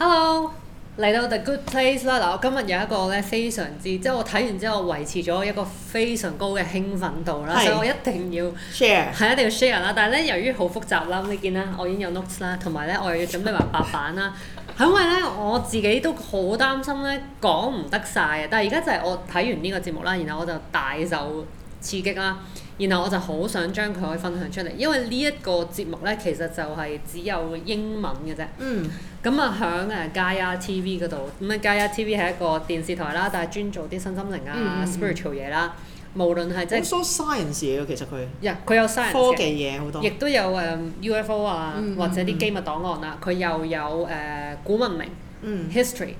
hello 嚟到我哋嘅 Good Place 啦，嗱我今日有一個咧非常之，即係我睇完之後維持咗一個非常高嘅興奮度啦，是所以我一定要 share 係享一定要 share 啦，但係咧由於好複雜啦，你見啦我已經有 notes 啦，同埋咧我又要準備埋白板啦，係因為咧我自己都好擔心咧講唔得晒啊，但係而家就係我睇完呢個節目啦，然後我就大受刺激啦。然後我就好想將佢可以分享出嚟，因為呢一個節目呢，其實就係只有英文嘅啫、嗯嗯。嗯。咁啊，響誒 Gaia TV 嗰度，咁啊 Gaia TV 係一個電視台啦，但係專做啲新心靈啊、嗯嗯、spiritual 嘢啦。無論係即係。science 嘢，其實佢。佢、yeah, 有 science。科技嘢好多。亦都有誒、um, UFO 啊，或者啲機密檔案啦，佢、嗯嗯、又有誒、uh, 古文明、嗯、history，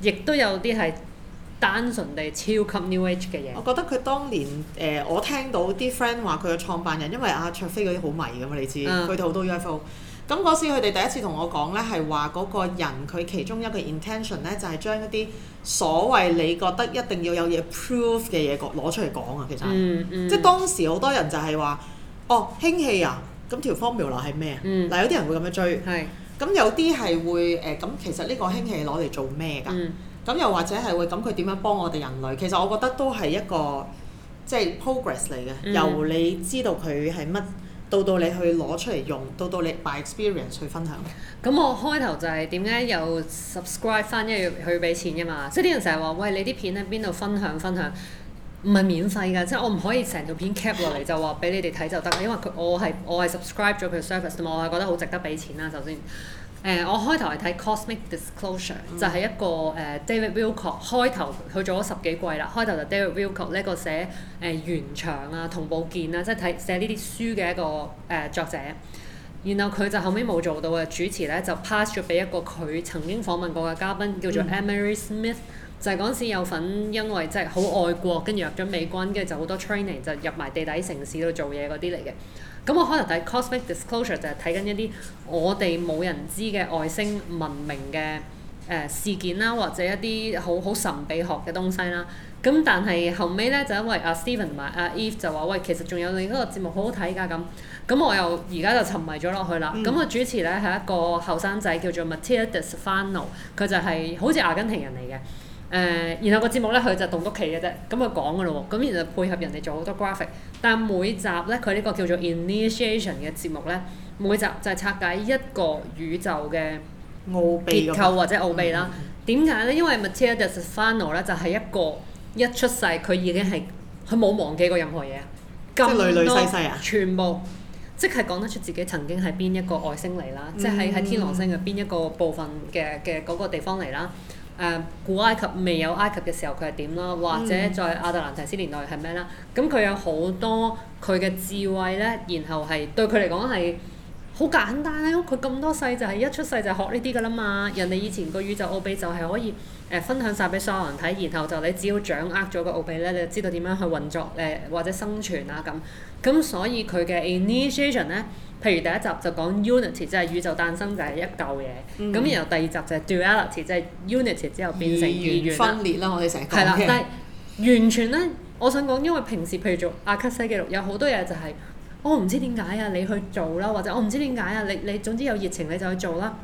亦都有啲係。單純地，超級 New Age 嘅嘢。我覺得佢當年誒、呃，我聽到啲 friend 話佢嘅創辦人，因為阿、啊、卓飛嗰啲好迷㗎嘛、啊，你知佢哋好多 UFO。咁嗰時佢哋第一次同我講呢，係話嗰個人佢其中一個 intention 呢，就係、是、將一啲所謂你覺得一定要有嘢 prove 嘅嘢攞出嚟講啊，其實。嗯嗯、即係當時好多人就係話：哦，氫氣啊！咁條 formula 係咩啊？但、嗯、有啲人會咁樣追。係是。咁有啲係會誒，咁其實呢個氫氣攞嚟做咩㗎？嗯咁又或者係會咁佢點樣幫我哋人類？其實我覺得都係一個即係 progress 嚟嘅，嗯、由你知道佢係乜，到到你去攞出嚟用，到到你 by experience 去分享。咁、嗯、我開頭就係點解又 subscribe 翻一樣去俾錢嘅嘛？即係啲人成日話喂，你啲片喺邊度分享分享？唔係免費㗎，即、就、係、是、我唔可以成條片 cap 落嚟就話俾你哋睇就得，因為佢我係我係 subscribe 咗佢嘅 service 嘛，我係覺得好值得俾錢啦，首先。誒、呃，我開頭係睇 Cosmic Disclosure，嗯、就係一個誒、呃、David Wilcock，開頭佢做咗十幾季啦，開頭就 David Wilcock 呢個寫誒、呃、源場啊、同步鍵啊，即係睇寫呢啲書嘅一個誒、呃、作者。然後佢就後尾冇做到嘅主持咧，就 pass 咗俾一個佢曾經訪問過嘅嘉賓，叫做 Emery Smith，嗯、就係嗰陣時有份因為即係好愛國，跟住入咗美軍，跟住就好多 training 就入埋地底城市度做嘢嗰啲嚟嘅。咁我可能睇 Cosmic Disclosure 就係睇緊一啲我哋冇人知嘅外星文明嘅誒、呃、事件啦，或者一啲好好神秘學嘅東西啦。咁但係後尾咧就因為阿 Steven 同埋阿 Eve 就話喂，其實仲有另一個節目好好睇㗎咁。咁我又而家就沉迷咗落去啦。咁個、嗯、主持咧係一個後生仔叫做 Matia De Stefano，佢就係好似阿根廷人嚟嘅。誒，uh, 然後個節目咧，佢就動屋企嘅啫，咁佢講嘅咯喎，咁然後配合人哋做好多 graphic，但每集咧，佢呢個叫做 Initiation 嘅節目咧，每集就係拆解一個宇宙嘅奧秘，結構或者奧秘啦。點解咧？因為 Matia De Stefano 咧，就係一個一出世佢已經係佢冇忘記過任何嘢啊，咁累累世世啊全部即係講、啊、得出自己曾經係邊一個外星嚟啦，嗯、即係喺天狼星嘅邊一個部分嘅嘅嗰個地方嚟啦。誒、uh, 古埃及未有埃及嘅時候，佢係點啦？或者在亞特蘭提斯年代係咩啦？咁佢、嗯、有好多佢嘅智慧咧，然後係對佢嚟講係好簡單咧。佢咁多世就係、是、一出世就學呢啲㗎啦嘛。人哋以前個宇宙奧秘就係可以。誒、分享晒俾所有人睇，然後就你只要掌握咗個奧秘咧，你就知道點樣去運作誒或者生存啊咁。咁所以佢嘅 initiation 咧，譬如第一集就講 unity，即係宇宙誕生就係一嚿嘢。咁、嗯、然後第二集就係 duality，即係 unity 之後變成二元分裂啦。我哋成日講嘅係啦，但係完全咧，我想講，因為平時譬如做阿卡西記錄，有好多嘢就係我唔知點解啊，你去做啦，或者我唔知點解啊，你你，你總之有熱情你就去做啦。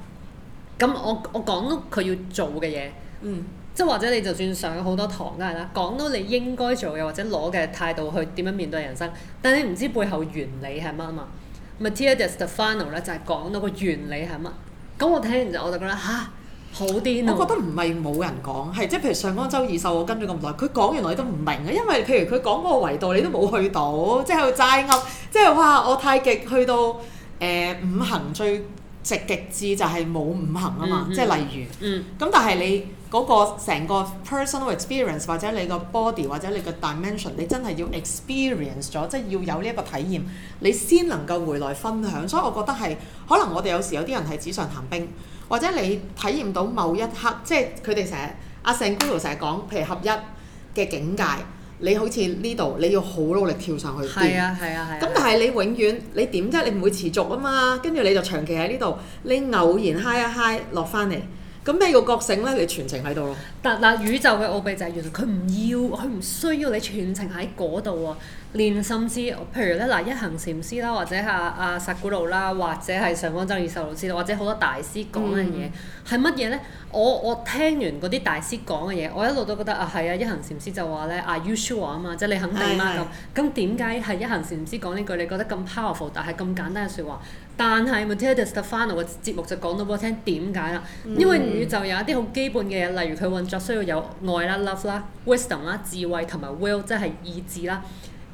咁我我講到佢要做嘅嘢。嗯，即係或者你就算上咗好多堂都係啦，講到你應該做嘅或者攞嘅態度去點樣面對人生，但係你唔知背後原理係乜嘛？Matia De Stefano 咧就係講到個原理係乜？咁、嗯、我睇完就我就覺得吓，好癲！我覺得唔係冇人講，係即係譬如上安周二秀，我跟咗咁耐，佢講原來你都唔明啊，因為譬如佢講嗰個維度你都冇去到，即係喺度齋噏，即係話我太極去到誒、呃、五行最直極致就係冇五行啊嘛，嗯嗯、即係例如，咁、嗯嗯、但係你。嗰個成個 personal experience 或者你個 body 或者你個 dimension，你真係要 experience 咗，即係要有呢一個體驗，你先能夠回來分享。所以我覺得係可能我哋有時有啲人係紙上談兵，或者你體驗到某一刻，即係佢哋成日阿 Sadhguru 成日講，譬如合一嘅境界，你好似呢度，你要好努力跳上去。係啊係啊係。咁、啊、但係你永遠你點啫？你唔會持續啊嘛，跟住你就長期喺呢度，你偶然嗨一嗨落翻嚟。咁咩叫覺醒咧？你全程喺度咯。但嗱，宇宙嘅奧秘就係原來佢唔要，佢唔需要你全程喺嗰度啊。連甚至譬如咧，嗱一行禪師啦，或者阿阿、啊啊、薩古魯啦，或者係上方周爾受老師，或者好多大師講嘅嘢係乜嘢咧？我我聽完嗰啲大師講嘅嘢，我一路都覺得啊，係啊，一行禪師就話咧，Are you sure 啊嘛，即係你肯定啦。哎呀」咁？咁點解係一行禪師講呢句？你覺得咁 powerful，但係咁簡單嘅説話？但係 Matia De Stefano 嘅節目就講到我聽點解啦，嗯、因為宇宙有一啲好基本嘅嘢，例如佢運作需要有愛啦、love 啦、wisdom 啦、智慧同埋 will，即係意志啦。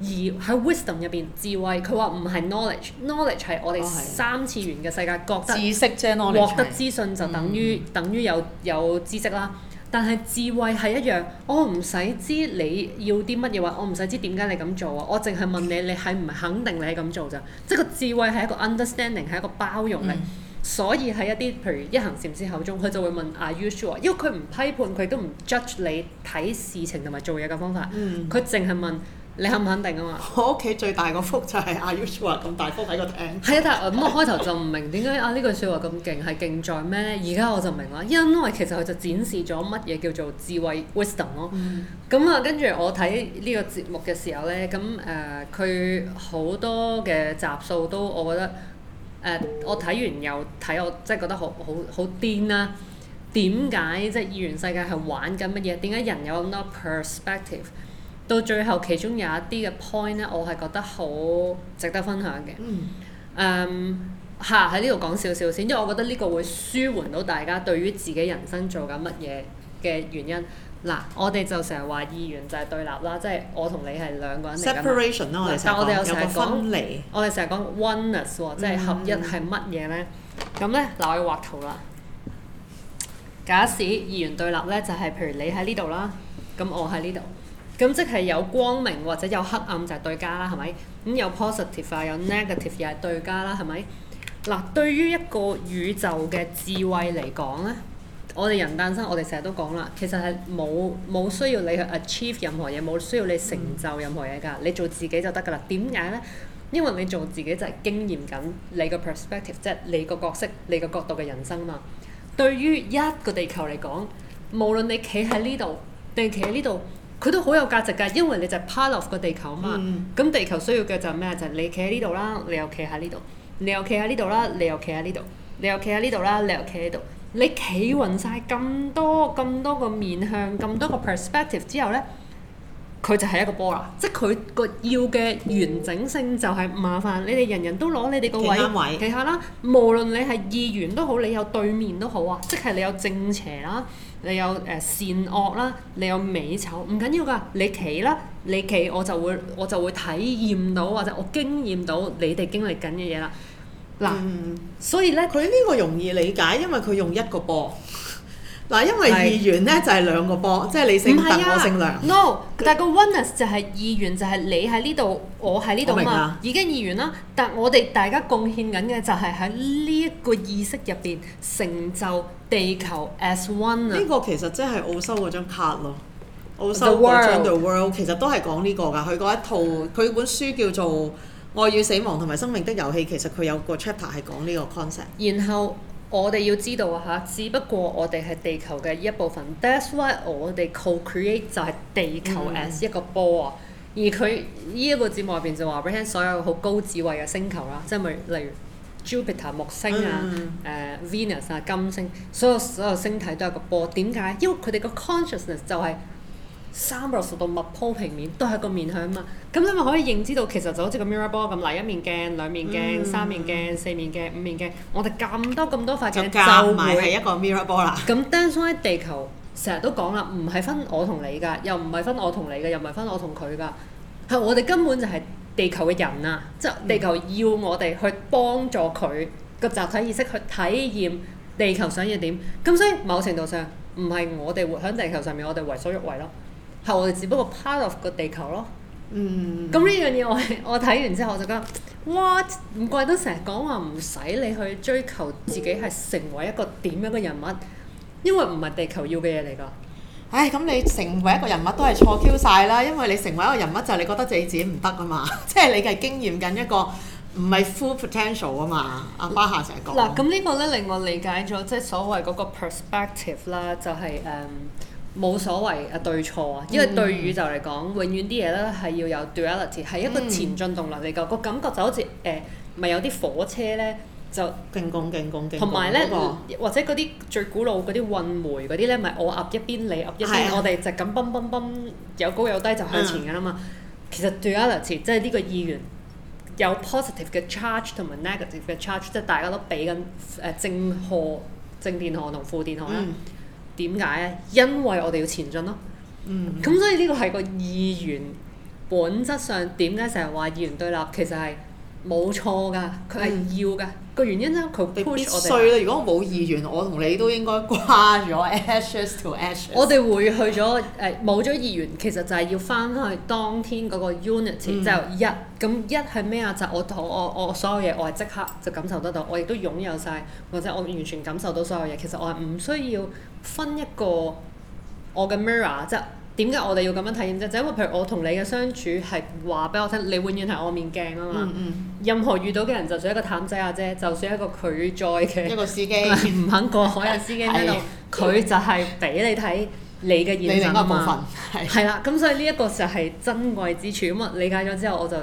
而喺 wisdom 入邊智慧，佢話唔係 knowledge，knowledge 係我哋三次元嘅世界、哦、覺得知識即係我哋獲得資訊的就等於、嗯、等於有有知識啦。但係智慧係一樣，我唔使知你要啲乜嘢話，我唔使知點解你咁做啊，我淨係問你，你係唔肯定你係咁做咋？即係個智慧係一個 understanding，係一個包容力，嗯，所以喺一啲譬如一行禪師口中，佢就會問 Are you sure？因為佢唔批判，佢都唔 judge 你睇事情同埋做嘢嘅方法，佢淨係問。你肯唔肯定啊嘛？我屋企最大個幅就係阿 U 叔話咁大幅喺個廳。係 啊，但係咁我開頭就唔明點解啊呢句説話咁勁，係勁在咩咧？而家我就明啦，因為其實佢就展示咗乜嘢叫做智慧 wisdom 咯。咁、嗯嗯、啊，跟住我睇呢個節目嘅時候咧，咁誒佢好多嘅集數都我覺得誒、呃、我睇完又睇我，即係覺得好好好癲啦、啊！點解即係二元世界係玩緊乜嘢？點解人有咁多 perspective？到最後，其中有一啲嘅 point 咧，我係覺得好值得分享嘅。嗯，誒、um，吓，喺呢度講少少先，因為我覺得呢個會舒緩到大家對於自己人生做緊乜嘢嘅原因。嗱，我哋就成日話二元就係對立啦，即係我同你係兩個人。Separation 啦，我哋成日講有個分離。我哋成日講 oneness 即係合一係乜嘢咧？咁咧、嗯，嗱、嗯，我要畫圖啦。假使二元對立咧、就係，就係譬如你喺呢度啦，咁我喺呢度。咁、嗯、即係有光明或者有黑暗就係對家啦，係咪？咁、嗯、有 positive 啊，有 negative 又係對家啦，係咪？嗱，對於一個宇宙嘅智慧嚟講咧，我哋人誕生，我哋成日都講啦，其實係冇冇需要你去 achieve 任何嘢，冇需要你成就任何嘢㗎，你做自己就得㗎啦。點解咧？因為你做自己就係經驗緊你個 perspective，即係你個角色、你個角度嘅人生啊嘛。對於一個地球嚟講，無論你企喺呢度定企喺呢度。佢都好有價值㗎，因為你就係 part of 個地球嘛。咁、嗯、地球需要嘅就係咩？就係、是、你企喺呢度啦，你又企喺呢度，你又企喺呢度啦，你又企喺呢度，你又企喺呢度啦，你又企喺度。你企勻晒咁多咁多個面向，咁多個 perspective 之後呢，佢就係一個波啦。即係佢個要嘅完整性就係麻煩。你哋人人都攞你哋個位，企下啦，無論你係議員都好，你有對面都好啊，即係你有正邪啦。你有誒善惡啦，你有美醜，唔緊要㗎，你企啦，你企，我就會我就會體驗到或者我經驗到你哋經歷緊嘅嘢啦。嗱，嗯、所以咧，佢呢個容易理解，因為佢用一個波。嗱，因為二元咧就係兩個波，是即係你姓白、啊、我姓梁。No，他但個 oneness 就係二元，就係、是、你喺呢度，我喺呢度啊嘛，明啊已經二元啦。但我哋大家貢獻緊嘅就係喺呢一個意識入邊成就。地球 as one 啊！呢個其實即係澳洲嗰張卡咯，澳洲嗰張 The World 其實都係講呢個㗎。佢嗰一套佢本書叫做《愛與死亡同埋生命的遊戲》，其實佢有個 chapter 係講呢個 concept。然後我哋要知道啊嚇，只不過我哋係地球嘅一部分。嗯、That's why 我哋 co-create 就係地球 as 一個波啊！嗯、而佢呢一個節目入邊就話俾你聽，所有好高智慧嘅星球啦，即係咪例如。Jupiter 木星啊，誒、mm. 呃、Venus 啊金星，所有所有星體都係個波，點解？因為佢哋個 consciousness 就係三百六十度密鋪平面，都係個面向嘛。咁你咪可以認知到，其實就好似個 mirror ball 咁，嗱，一面鏡、兩面鏡、mm. 三面鏡、四面鏡、五面鏡，我哋咁多咁多塊鏡就唔加係會一個 mirror ball 啦、啊。咁 Dancer 喺地球成日都講啦，唔係分我同你㗎，又唔係分我同你㗎，又唔係分我同佢㗎，係我哋根本就係、是。地球嘅人啊，即係地球要我哋去幫助佢個集體意識去體驗地球想要點，咁所以某程度上唔係我哋活喺地球上面，我哋為所欲為咯，係我哋只不過 part of 個地球咯。嗯、mm。咁、hmm. 呢樣嘢我我睇完之後我就覺得，哇！唔怪得成日講話唔使你去追求自己係成為一個點樣嘅人物，因為唔係地球要嘅嘢嚟㗎。唉，咁你成為一個人物都係錯 Q 晒啦，因為你成為一個人物就係你覺得你自己唔得啊嘛，即 係你係經驗緊一個唔係 full potential 啊嘛，阿巴夏成日講。嗱，咁呢個咧令我理解咗即係所謂嗰個 perspective 啦、就是，就係誒冇所謂啊對錯啊，因為對宇宙嚟講，永遠啲嘢咧係要有 duality，係一個前進動力嚟、嗯、個感覺就好似誒咪有啲火車咧。就勁攻勁攻勁攻同埋個，或者嗰啲最古老嗰啲運煤嗰啲咧，咪、就是、我壓一邊，你壓一邊，的我哋就咁崩崩崩，有高有低就向前㗎啦嘛。嗯、其實 duality，即係呢個二元有 positive 嘅 charge 同埋 negative 嘅 charge，即係大家都俾緊誒正荷、正電荷同負電荷啦。點解啊？因為我哋要前進咯。嗯。咁所以呢個係個二元本質上點解成日話二元對立，其實係。冇錯㗎，佢係要㗎。個、嗯、原因咧，佢必衰啦。如果冇意願，嗯、我同你都應該掛咗 ashes to ashes 我。我哋會去咗誒，冇咗意願，其實就係要翻去當天嗰個 unity、嗯、就一咁一係咩啊？就是、我我我我所有嘢，我係即刻就感受得到，我亦都擁有晒，或者我完全感受到所有嘢。其實我係唔需要分一個我嘅 mirror 即、就、係、是。點解我哋要咁樣體驗啫？就因為譬如我同你嘅相處係話俾我聽，你永遠係我面鏡啊嘛。嗯嗯、任何遇到嘅人，就算一個淡仔阿姐，就算一個拒載嘅一個司機唔 肯過海嘅司機喺度，佢的就係俾你睇你嘅現實部分係啦，咁、嗯、所以呢一個就係珍貴之處。咁我理解咗之後，我就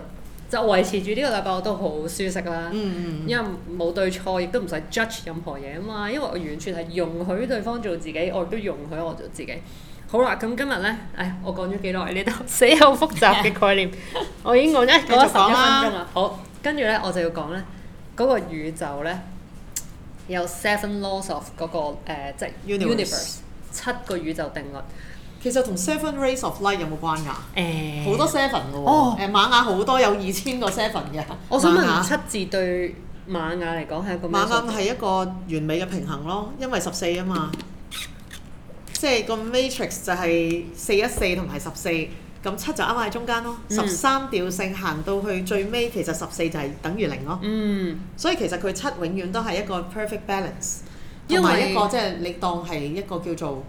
就維持住呢個禮拜我都好舒適啦。嗯嗯、因為冇對錯，亦都唔使 judge 任何嘢啊嘛。因為我完全係容許對方做自己，我亦都容許我做自己。好啦，咁今日咧，唉，我講咗幾耐，呢啲死好複雜嘅概念， 我已經講咗十一分鐘啦。好，跟住咧我就要講咧，嗰、那個宇宙咧有 seven laws of 嗰、那個、呃、即係 universe, universe 七個宇宙定律。其實同 seven rays of light 有冇關噶、啊？誒、欸，好多 seven 喎、啊。哦。誒、欸，瑪雅好多有二千個 seven 嘅。雅我想問七字對瑪雅嚟講係一個。瑪雅係一個完美嘅平衡咯，因為十四啊嘛。即係個 matrix 就係四一四同埋十四，咁七就啱喺中間咯。十三調性行到去最尾，其實十四就係等於零咯。嗯，所以其實佢七永遠都係一個 perfect balance，同埋一個因為 即係你當係一個叫做誒、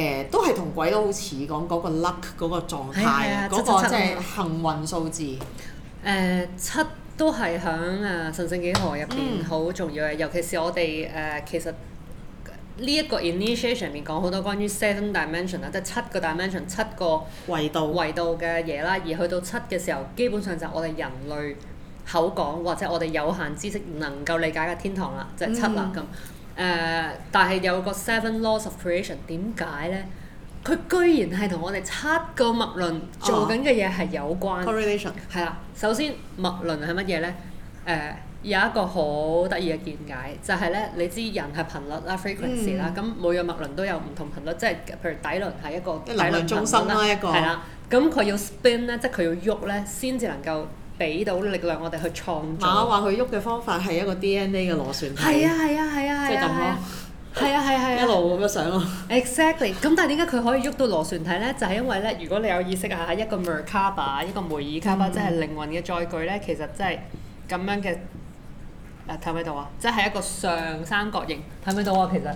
呃，都係同鬼佬好似講嗰個 luck 嗰個狀態，嗰、哎、呀個即係幸運數字。誒七,七,七,七,、嗯呃、七都係響啊神聖幾何入邊好重要嘅，嗯、尤其是我哋誒、呃、其實。呢一個 initiation 入面講好多關於 seven dimension 啦，即係七個 dimension、七個維度、維度嘅嘢啦。而去到七嘅時候，基本上就係我哋人類口講或者我哋有限知識唔能夠理解嘅天堂啦，就係七啦咁。誒、呃，但係有個 seven laws of creation，點解呢？佢居然係同我哋七個脈輪做緊嘅嘢係有關。Correlation 係啦。首先，脈輪係乜嘢咧？誒、呃。有一個好得意嘅見解，就係、是、咧，你知人係頻率啦，frequency 啦，咁、嗯、每個脈輪都有唔同頻率，即係譬如底輪係一個底輪個中心啦、啊，一個，係啦，咁佢要 spin 咧，即係佢要喐咧，先至能夠俾到力量我哋去創造。嗯、啊，話佢喐嘅方法係一個 DNA 嘅螺旋體係啊係啊係啊係啊，係啊係啊，一路咁樣上咯。Exactly，咁但係點解佢可以喐到螺旋體咧？就係、是、因為咧，如果你有意識一下一個 Merkaba，一個梅爾卡巴，即係、嗯、靈魂嘅載具咧，其實即係咁樣嘅。睇唔睇到啊？即係一個上三角形，睇唔睇到啊？其實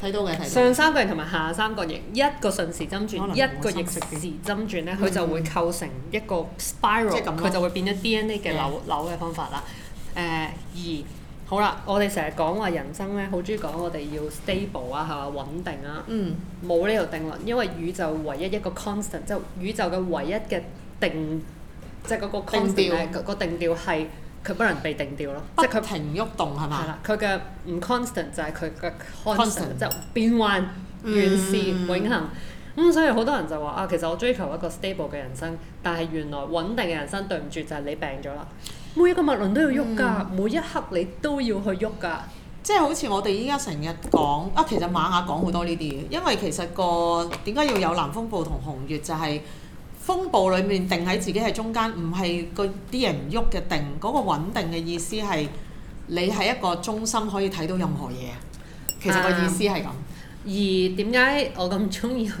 睇到嘅，到上三角形同埋下三角形，一個順時針轉，一個逆時針轉咧，佢、嗯、就會構成一個 spiral，佢就會變咗 DNA 嘅扭扭嘅方法啦。誒、呃，而好啦，我哋成日講話人生咧，好中意講我哋要 stable、嗯、啊，係嘛穩定啊？嗯。冇呢條定律，因為宇宙唯一一個 constant，即係宇宙嘅唯一嘅定，即係嗰個 constant，定調係。佢不能被定調咯，即係佢平喐動係嘛？係啦，佢嘅唔 constant 就係佢嘅 constant，就係變幻、完善、嗯、永恆。咁、嗯、所以好多人就話啊，其實我追求一個 stable 嘅人生，但係原來穩定嘅人生對唔住就係、是、你病咗啦。每一個脈輪都要喐㗎，嗯、每一刻你都要去喐㗎。即係好似我哋依家成日講啊，其實瑪雅講好多呢啲嘅，因為其實、個點解要有南風暴同紅月就係、是。風暴裏面定喺自己喺中間，唔係個啲人唔喐嘅定，嗰、嗰個穩定嘅意思係你係一個中心可以睇到任何嘢。嗯、其實個意思係咁、嗯。而點解我咁中意去誒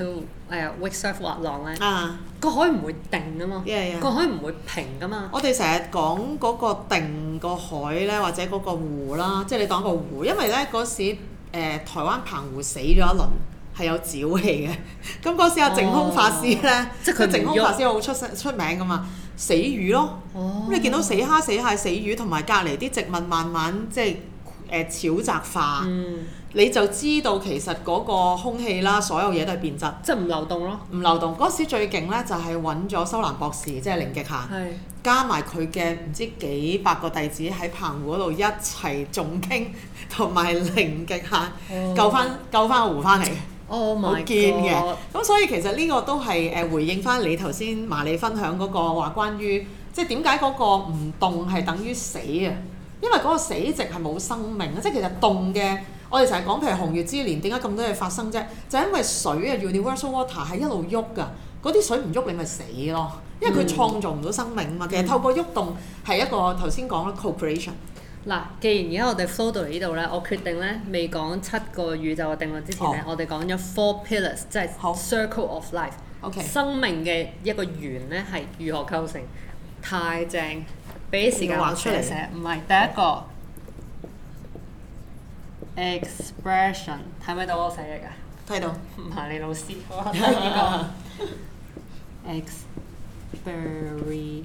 wake surf 滑浪咧？啊，個海唔會定啊嘛，yeah, yeah. 個海唔會平噶嘛。我哋成日講嗰個定個海咧，或者嗰個湖啦，嗯、即係你當個湖，因為咧嗰時、呃、台灣澎湖死咗一輪。嗯係有沼氣嘅，咁嗰時阿淨空法師咧、哦，即係淨空法師好出出名㗎嘛，死魚咯，咁、哦、你見到死蝦死、死蟹、死魚，同埋隔籬啲植物慢慢即係誒沼澤化，嗯、你就知道其實嗰個空氣啦，所有嘢都係變質，即係唔流動咯。唔流動嗰時最勁咧，就係揾咗修蘭博士，即係零極限，是加埋佢嘅唔知幾百個弟子喺澎湖嗰度一齊重傾，同埋零極限，嗯、救翻救翻個湖翻嚟。 冇堅嘅，咁、oh 嗯、所以其實呢個都係誒回應翻你頭先麻利分享嗰個話關於，即係點解嗰個唔動係等於死啊？因為嗰個死寂係冇生命啊！即係其實動嘅，我哋成日講譬如紅月之年，點解咁多嘢發生啫？就係、因為水啊，universal water 係一路喐㗎，嗰啲水唔喐你咪死咯，因為佢創造唔到生命啊嘛。嗯、其實透過喐動係一個頭先講啦，cooperation。嗱，既然而家我哋 float 到嚟呢度咧，我決定咧未講七個宇宙嘅定律之前咧，oh. 我哋講咗 four pillars，即係 circle of life，O.K. Okay. 生命嘅一個圓咧係如何構成？太正，俾啲時間我畫出嚟寫。唔係第一個是 expression，睇唔睇到我寫嘅？睇到。唔係你老師。experimentation。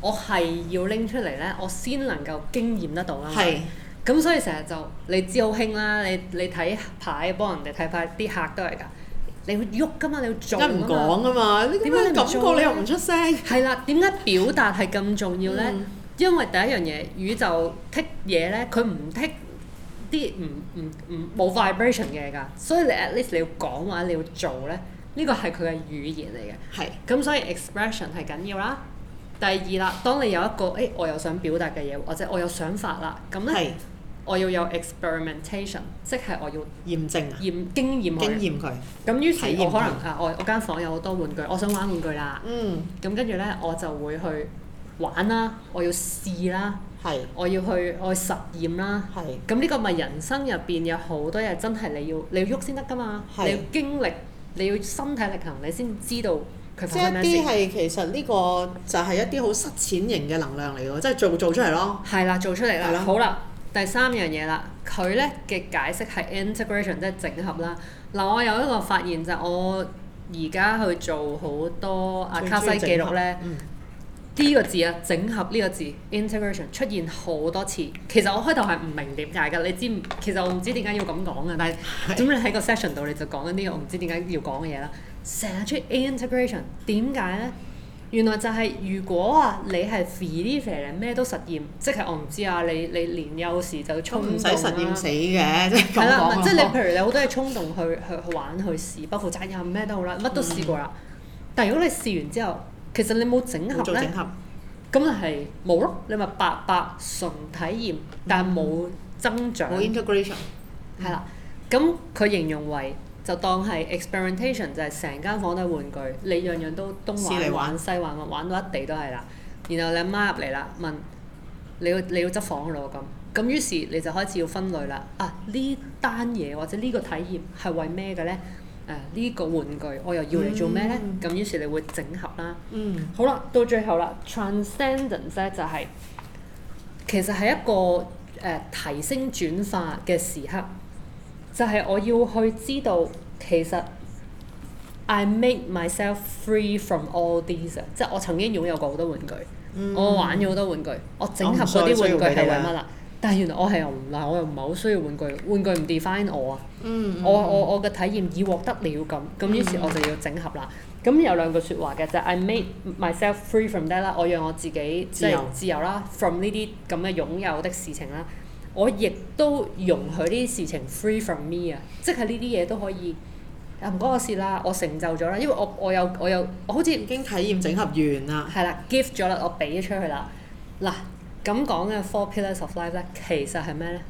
我係要拎出嚟咧，我先能夠經驗得到啦。係是。咁、啊、所以成日就你知好興啦，你你睇牌幫人哋睇牌，啲客都係㗎。你會喐噶嘛，你要做啊唔講啊嘛？點解你感覺你又唔出聲？係啦、啊，點解表達係咁重要咧？ 嗯、因為第一樣嘢宇宙剔嘢咧，佢唔剔啲唔唔唔冇 vibration 嘅㗎。所以你 at least 你要講或你要做咧，呢個係佢嘅語言嚟嘅。係是。咁 所以 expression 係緊要啦。第二啦，當你有一個誒、哎，我又想表達嘅嘢，或者我有想法啦，咁咧，是我要有 experimentation，即係我要驗證、啊、驗經驗佢，咁於是可能啊，我我間房有好多玩具，我想玩玩具啦，咁跟住咧我就會去玩啦，我要試啦，是我要去我要實驗啦，咁呢是個咪人生入邊有好多嘢真係你要你喐先得㗎嘛，是你要經歷，你要身體力行，你先知道。即係啲係其實呢個就係一啲好實踐型嘅能量嚟嘅，即、就、係、是、做做出嚟咯。係啦，做出嚟啦。的好啦，第三樣嘢啦，佢咧嘅解釋係 integration，即係整合啦。嗱，我有一個發現就係我而家去做好多阿卡西紀錄咧，呢、嗯、個字啊，整合呢個字 integration 出現好多次。其實我開頭係唔明點解㗎，你知？唔？其實我唔知點解要咁講啊，但係咁你喺個 session 度你就講緊呢個我唔知點解要講嘅嘢啦？的成日出 a integration，點解咧？原來就係如果話你係 free 啲咩都實驗，即係我唔知啊！你你年幼時就衝動唔、啊、使實驗死嘅，即係咁啦，即係你譬如你好多嘢衝動去去玩去試，不負責任咩都好啦，乜都試過啦。嗯、但係如果你試完之後，其實你冇整合咧，咁係冇咯。你咪白白純體驗，嗯、但係冇增長。冇 the integration。係啦，咁佢形容為。就當係 experimentation，就係成間房都係玩具，你樣樣都東玩試試玩，玩西玩玩，玩到一地都係啦。然後你阿媽入嚟啦，問你你要執房咯咁，咁於是你就開始要分類啦。啊，呢單嘢或者呢個體驗係為咩嘅咧？誒、啊，呢、這個玩具我又要嚟做咩咧？咁於、mm hmm. 是你會整合啦。嗯、mm。Hmm. 好啦，到最後啦，transcendence 咧就係、是、其實係一個誒、呃、提升轉化嘅時刻。就係我要去知道，其實 I make myself free from all these，即係我曾經擁有過好多玩具，mm hmm. 我玩咗好多玩具，我整合嗰啲玩具係為乜啦？'m sorry, 但係原來我係又唔嗱，我又唔係好需要玩具，玩具唔 define 我啊、mm hmm.。我我我嘅體驗已獲得了咁，咁於是我就要整合啦。咁、mm hmm. 有兩句説話嘅就係、是、I make myself free from that 啦，我讓我自己即係自,由自由啦，from 呢啲咁嘅擁有的事情啦。我亦都容許啲事情 free from me 啊，即係呢啲嘢都可以。唔關、嗯、我事啦，我成就咗啦，因為我我有我有，我好似已經體驗整合完啦。係啦 gift 咗啦，我俾咗出去啦。嗱，咁講嘅 four pillars of life 咧，其實係咩咧？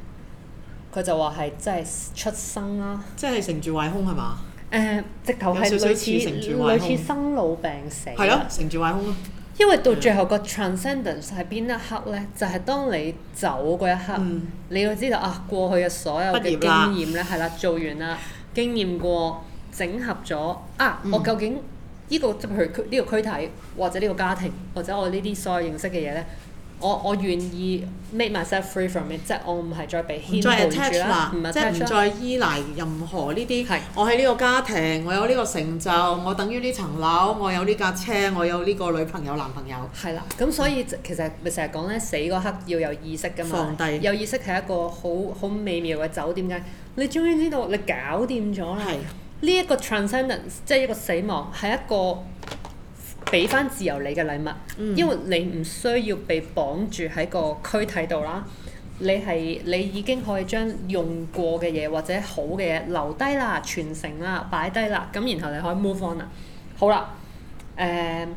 佢就話係即係出生啦、啊。即係成住壞空係嘛？誒、呃，直頭係類似成住類似生老病死。係咯，成住壞空咯、啊。因為到最後個 transcendence 係邊一刻呢？就係、係、當你走嗰一刻，嗯、你要知道啊，過去嘅所有嘅經驗呢，係啦，做完啦，經驗過，整合咗啊，我究竟依、呢個即係佢呢個軀、呢個、體，或者呢個家庭，或者我呢啲所有認識嘅嘢呢。我我願意 make myself free from it，即係我唔係再被牽絆住啦，即係唔再依賴任何呢啲。是我喺呢個家庭，我有呢個成就，我等於呢層樓，我有呢架車，我有呢個女朋友男朋友。係啦，咁所以、嗯、其實咪成日講咧，死嗰刻要有意識㗎嘛，帝有意識係一個好好美妙嘅走，點解？你終於知道你搞掂咗啦，呢一是個 transcendence 即係一個死亡係一個。俾翻自由你嘅禮物，嗯、因為你唔需要被綁住喺個軀體度啦。你係你已經可以將用過嘅嘢或者好嘅嘢留低啦、傳承啦、擺低啦，咁然後你可以 move on 啦。好啦，誒、呃。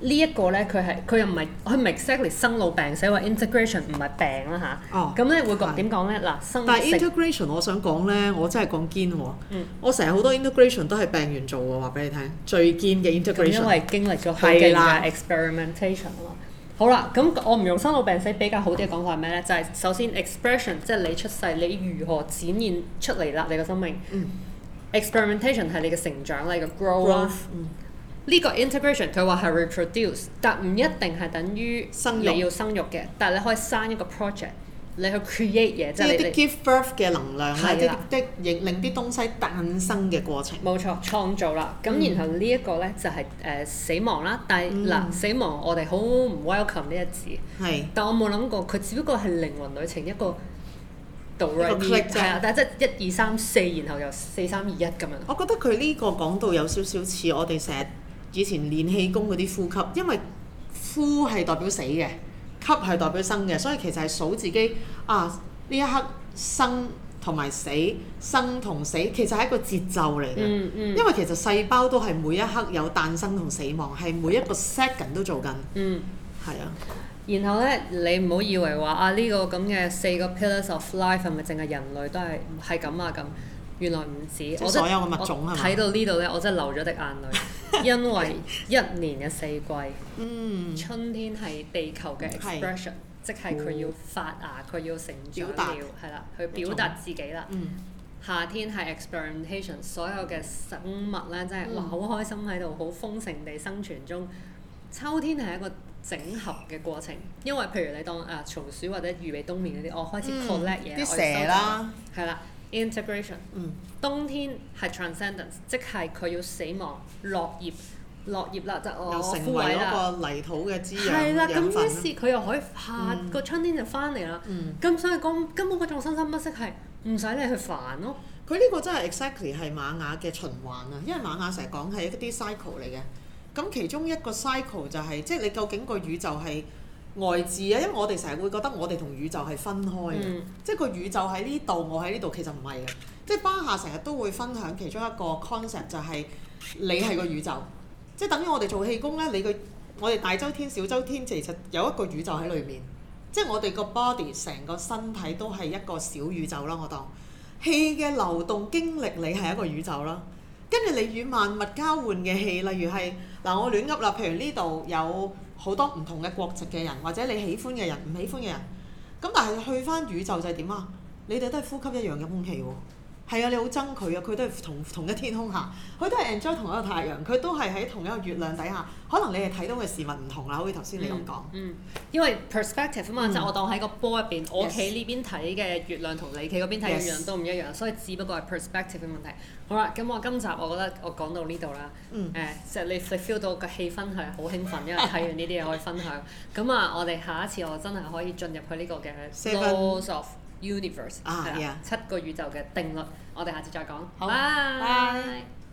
呢一個咧，佢係佢，又唔係佢。唔係 exactly 生老病死或 integration 唔係病啦吓，咁咧會講點講咧？嗱，生。但係 integration 我想講咧，我真係講堅喎。我成日好多 integration 都係病完做喎，話俾你聽。最堅嘅 integration。咁因為經歷咗係啦 experimentation 好啦，咁我唔用生老病死比較好啲嘅講法係咩咧？就係、是、首先 expression 即係你出世，你如何展現出嚟啦？你個生命。嗯、experimentation 係你嘅成長，你嘅 growth、嗯。呢個 integration 佢話係 reproduce，但唔一定係等於生育要生育嘅，但你可以生一個 project，你去 create 嘢，即係你 give birth 嘅能量啦，即係令啲東西誕生嘅過程。冇錯，創造啦。咁然後呢一個咧就係誒，死亡啦。但係嗱，死亡，我哋好唔 welcome 呢一字。係。嗯、但我冇諗過，佢只不過係靈魂旅程一個導一個，但係即係一二三四，1, 2, 3, 4, 然後又四三二一咁樣。我覺得佢呢個講到有少少似我哋成日。以前練氣功嗰啲呼吸，因為呼係代表死嘅，吸係代表生嘅，所以其實係數自己啊呢一刻生同埋死，生同死其實係一個節奏嚟嘅、嗯。嗯嗯。因為其實細胞都係每一刻有誕生同死亡，係、嗯、每一個 second 都做緊。嗯，係啊，啊。然後咧，你唔好以為話啊呢個咁嘅四個 pillars of life 係咪淨係人類都係係咁啊咁？原來唔止，我所有嘅物種係嘛？睇到呢度咧，我真係流咗滴眼淚，因為一年嘅四季，春天係地球嘅 expression，即係佢要發芽，佢要成長，表達啦，去表達自己啦。夏天係 experimentation，所有嘅生物咧，真係哇好開心喺度，好豐盛地生存中。秋天係一個整合嘅過程，因為譬如你當啊松鼠或者預備冬眠嗰啲，我開始 collect 嘢。啲蛇啦，係啦。Integration，冬天係 transcendence，即係佢要死亡、落葉、落葉啦，就是、成為一個泥土嘅滋養。係啦的，咁呢分於是佢又可以下、嗯、下個春天就翻嚟啦。咁所以講根本嗰種生生不息係唔使你去煩咯、啊。佢呢個真係 exactly 係瑪雅嘅循環啊！因為瑪雅成日講係一啲 cycle 嚟嘅。咁其中一個 cycle 就係、是、即係你究竟個宇宙係。外置啊，因為我哋成日會覺得我哋同宇宙係分開嘅、嗯，即係個宇宙喺呢度，我喺呢度，其實唔係嘅。即係巴夏成日都會分享其中一個 concept 就係你係個宇宙，即係等於我哋做氣功咧，你個我哋大周天、小周天，其實有一個宇宙喺裏面，即係我哋個 body 成個身體都係一個小宇宙啦。我當氣嘅流動經歷，你係一個宇宙啦。跟住你與萬物交換嘅氣，例如係。嗱，我亂噏喇，譬如呢度有好多唔同嘅國籍嘅人，或者你喜歡嘅人、唔喜歡嘅人，咁但係去返宇宙就係點啊？你哋都係呼吸一樣嘅空氣喎。係啊，你好憎佢啊，佢都係同同一天空下，佢都係 enjoy 同一個太陽，佢都係喺同一個月亮底下。可能你哋睇到嘅事物唔同啦，好似頭先你咁講、嗯。嗯，因為 perspective 啊嘛，嗯、即係我當喺個波入、嗯、邊，我企呢邊睇嘅月亮同你企嗰邊睇嘅月亮都唔一樣，嗯、所以只不過係 perspective 嘅問題。好啦，咁我今集我覺得我講到呢度啦。嗯。誒、呃，即係你 feel 到個氣氛係好興奮，嗯、因為睇完呢啲嘢可以分享。咁啊，我哋下一次我真係可以進入去呢個嘅。，Universe 係啦，七個宇宙嘅定律，我哋下次再講。好，拜拜。